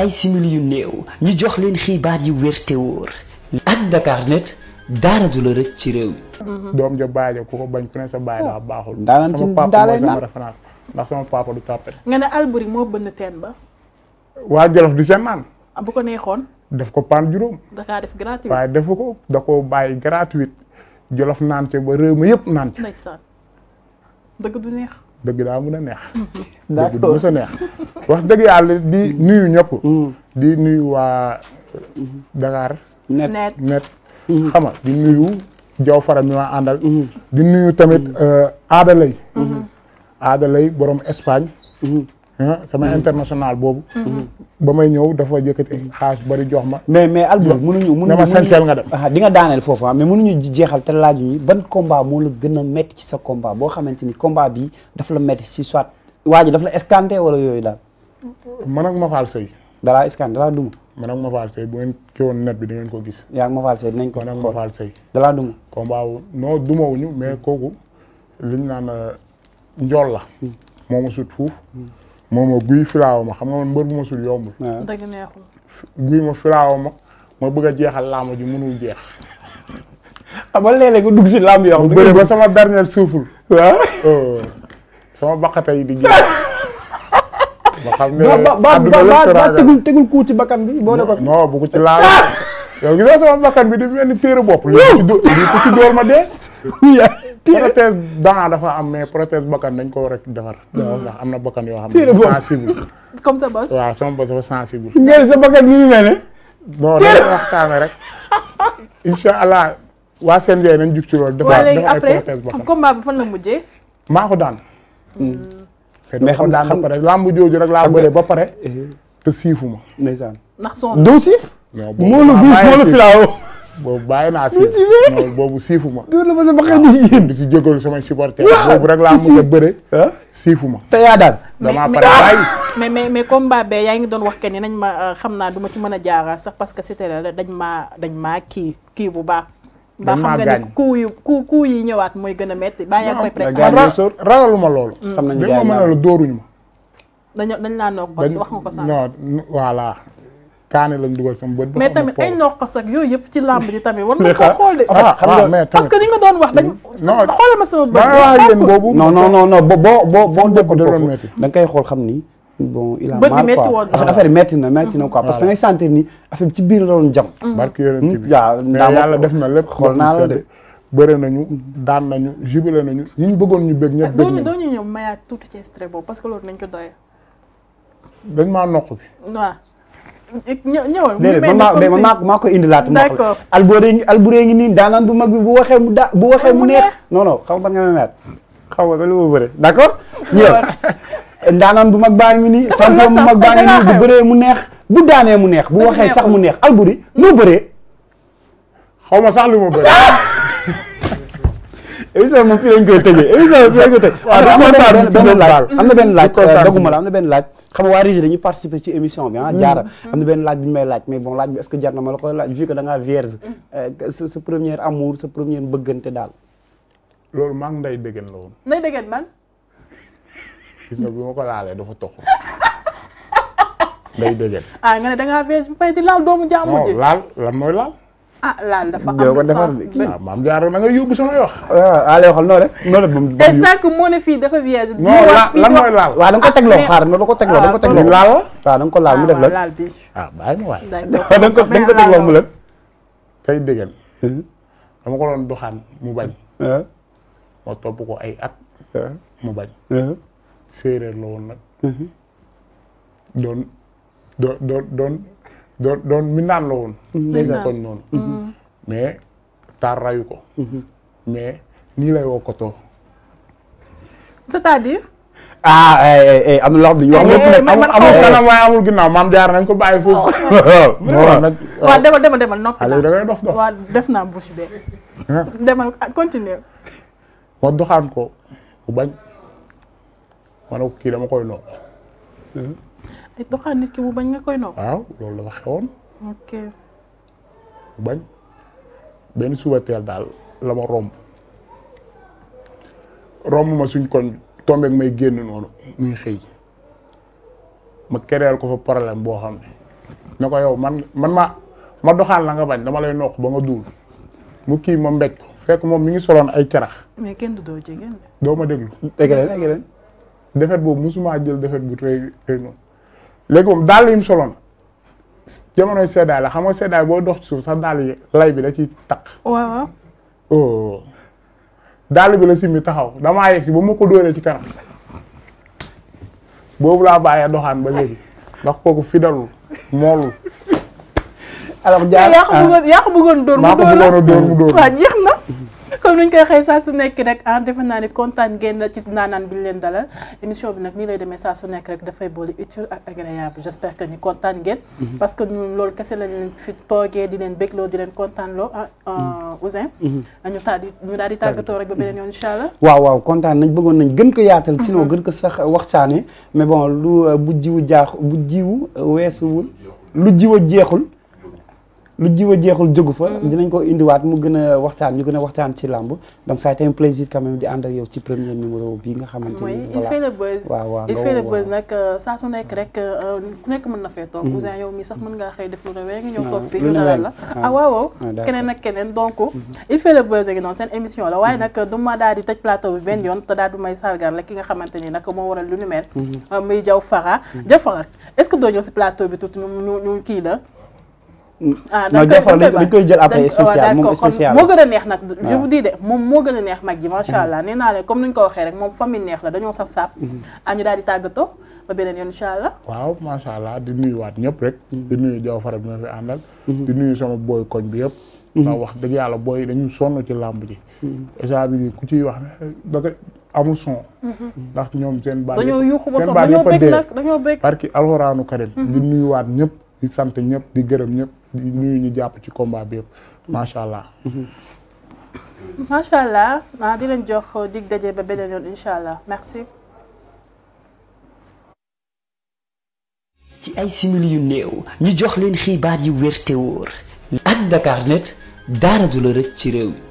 ay simili yu néew ñu jox leen xibaar yu wér te wóor. ak Dakarnet daara du la rëcc ci réew mi. doom ja bàyyi ku ko bañ ku ne sa bàyyi daa oh. baaxul. daanaka sama papa mooy sama référence ndax sama papa du tàppet. nga ne Alboury moo bënn teen ba. waa Jolof du seen naan. Ah, bu ko neexoon. def ko paan juróom. da def gratuit. waaye defu ko da koo bàyyi gratuit Jolof naan ca ba réew mi yëpp naan ca. ndeysaan dëgg dëgg daa mun a neex. dëgg du mus a neex. wax dëgg yàlla di nuyu ñëpp. Mm. di nuyu waa euh, Dakar. net net mm. xam di nuyu jaw fara waa àndal. Mm. di nuyu tamit aadalay. Euh, aadalay mm-hmm. borom Espagne. Mm-hmm. sama mhm. international boobu. Mhm. ba may ñëw dafa jëkkati xaalis bari jox ma. mais mais Alboury mënuñu mënuñu dama sañseel nga dem. Ah, di nga daaneel foofu ah, mais mënuñu jeexal te laaju ñu ban combat moo la a métti ci sa combat boo xamante ni combat bi daf la métti ci soit waa daf la escanté wala yooyu daal. man ak ma faal sëy. dalaa escanté dalaa duma. man woon net bi di ko gis. yaa ak ma faal sëy dinañ ko. man ak ma faal sëy. dalaa duma. combat kooku liñ naan euh, njool la. Hmm. moo ma sut fuuf. Hmm. moom moo guy filaawa ma xam nga man mbër bu ma sul yombul. dëgg neexul. guy ma filaawa ma ma bëgg a jeexal làmb ji mënul jeex. ah ba léeg-léeg si làmb yow. bu bëree sama dernier souffle. waaw. Oh. sama baqata yi di jeex. ba tegul tegul kuu ci bakkan bi boo ne ko. yow gisoo sama bakkan bi di mel ni téere bopp. li ci do li ci dóor ma dee. prothèse dent dafa am mais prothèse bakkan dañ ko war a defar. Hmm. ndax am na bakkan yoo xam ne sensible. comme sa bos. waaw sama bos dafa sensible. sa bakkan ni mu mel ne. Eh? non dañoo waxtaanee rek. incha allah waa CNG nañ jug ci loolu. dafa dafa ay prothèse bakkan combat bi fan la mujjee. maa ko daan. Hmm. mais xam daan xam nga rek làmb jooju rek laa ba pare. Eh. te siifu ma. non boobu moo la filaaw boobu bàyyi naa si non boobu siifu ma. doo la ma sa bakkan di yéen. di si jógal sama supporter. boobu rek laa mën a bëre. Ah? siifu te yaa damaa pare bàyyi. mais mais mais combat yaa ngi doon wax que nañ ma euh, xam naa du ma ci mën a jaara sax parce que c'était la dañ maa dañ kii bu baax. dañ maa gaañ xam nga ni ku ku ku yi ñëwaat mooy gën a métti. baa yaa ngi koy préparé ragaluma loolu. xam nañu gaañ ma la dóoruñu ma. dañu dañ laa noog bos wax nga ko sànq. kaane lañ dugal sama bët. mais tamit ay noqos ak yooyu yëpp ci làmb ji tamit war na ko xool de. xam nga parce que li nga doon wax dañ. non xoolal ma sama bët. waaw boobu boo boo boo déggoon foofu da xam ni. bon il a mal quoi affaire na métti na quoi parce que da la doon jam. Mm. barke yonent bi hmm? na lépp xool naa la de. bëre nañu daan nañu jubile nañu ñu bëggoon ñu bëgg ñëpp. doo ñu doo ñu ñëw mayaat tuuti ci extrait boobu parce que loolu nañ ko doyee. dañ maa noq bi. ñëw déedéet man maa indilaat ma wax la ngi nii daanaan bu mag bi bu waxee mu da bu waxee mu neex non non xam nga nga memaat xam nga lu ma bëre d' accord ñëw daanaan bu mag baa ngi nii sampo bu mag baa ngi nii bu bëree mu neex bu daanee mu neex bu waxee sax mu neex alburé moo bëree xaw ma sax lu ma bëree émission moom fii lañ koy tëjee émission bi fii lañ koy tëjee. am na benn laaj doguma la am na benn laaj xam nga waa Régis dañuy participer ci émission bi ah. jaara mm-hmm. am na benn laaj bu may laaj mais bon laaj bi est-ce que jar na ma la ko laaj vu que euh, sa sa première amour sa première bëggante daal. loolu maa ngi nday déggan la woon. nga ko laalee dafa tox. nday déggan. ah nga ne da ngaa vierge ba pare laal doomu jaamu ji. laal lan mooy laal. ah laal dafa am. ko defar waaw maam jaara yóbbu sama yoo. Ah, ah, waaw Aliou waxal noo def noo def te sànq ko tegloo ah, ko tegloo da nga ko tegloo. mu def la laal bi. waaw bàyyi ma da nga ko da nga mu lan. tey déggal. dama ko doon doxaan mu bañ. ma topp ko ay at. mu bañ. séeréer la woon nag. doon doon. doon doon mindaan la woon. mindaan mm-hmm. taar rayu ko. Mm-hmm. mais nii lay wokkatoo. c'est-à-dire. ah eh, eh, eh, am na loo xam ne yow. Ah, amul kanam waaye amul ginnaaw maam jaar nañ ko bàyyi foofu. Oh. waaw demal demal demal noppi naa. da ngay dof dof waaw def naa bouche be. demal ah, continuer. ma doxaan ko bu bañ ma ne ko kii dama koy noq. Hmm? ay doxaan nit ki mu bañ nga koy nopp. waaw loolu la wax woon. ok. bañ benn suba daal la ma romb romb ma suñ koñ tombeek may génn noonu muy xëy ma kereel ko fa problème boo xam ne na ko yow man man ma ma doxaan la nga bañ dama lay noq ba nga duul mu kii ma mbéj fekk moom mu ngi soloon ay carax. mais kenn ma déglu. dégg leen dégg leen. defet boobu musuma jël defet bu tey tey noonu. léegi moom dàll yi soloon jamonoy seddaay la xam nga seddaay boo dox ci suuf sax dàll yi lay bi da ciy taq. waaw oh. bi la simmi taxaw damaa yegg si ba ma ko dóoree ci kanam boobu laa bàyyee doxaan ba léegi ndax kooku fidalul moolul. alors jaar yaa ko bëggoon dóor mu dóor la maa na. comme niñ koy xëy saa su nekk rek ah, naa ne kontaan ngeen ci naanaan bi leen dalal émission bi nag nii lay demee saa su nekk rek dafay boole utile ak agréable que ni kontaan ngeen. Mm-hmm. parce que ñun loolu kese lañ leen fi toogee di leen bégloo di leen kontaanloo ah, ah mm-hmm. Ousin. Mm-hmm. Ah, ñu taal di daal di tàggatoo rek ba beneen yoon incha allah. waaw waaw kontaan nañ bëggoon nañ gën ko yaatal. sinon gën ko sax waxtaanee mais bon lu euh, bu jiw jaax bu jiw euh, weesuwul. lu jiw a jeexul. lu jiw a jeexul jógu fa. Mm-hmm. dinañ ko indiwaat mu gën a waxtaan ñu gën a waxtaan ci làmb. donc ça a été un plaisir quand même di ànd nga xamante ni. voilà il fait le buzz waaw waaw il euh, saa su nekk rek euh, ku nekk mën na fee toog. Mm-hmm. Ouzin yow mii sax mën ngaa xëy def lu rëy nga ñëw toog fii. lu la seen ah. ah, ah, mm-hmm. émission la waaye nag du ma daal di tëj plateau bi benn yoon te daal du may sargal la ki nga xamante ni nag moo a lu ni mel. Euh, muy Diaw Fara. Diaw Fara est doo ñëw si plateau bi tuuti ñu ñu kii la ah da nga koy dañ koy jël après spécial moom moo gën a neex nag je de moom moo gën a neex mag ji mm-hmm. macha allah nee leen comme ni ñu ko waxee rek moom famille neex la dañoo saf saab mm-hmm. añu ah, daal di tàggatoo ba beneen yoon allah waaw macha allah di nuyuwaat ñëpp rek mm-hmm. di nuyu jaw faram bi ma fi di nuyu booy koñ bi yëpp ndax wax dëgg yàlla booy dañu sonn ci làmb ji esa bi ku ciy wax da ko amul son ndax ñoom seen baat dañoo yuuxu ba sonn dañoo bëgg nag dañoo bëgg parce que alxuraanu karim di nuyuwaat ñëpp di sant ñëpp di gërëm ñëpp ñu jàpp ci combat bi yëpp mm-hmm. macha allah. Mm-hmm. macha allah ah, jox dig daje ba beneen yoon allah merci. ci ay simili yu néew ñu jox leen xibaar yu wér te wóor. ak Dakarnet dara du rëcc ci réew mi.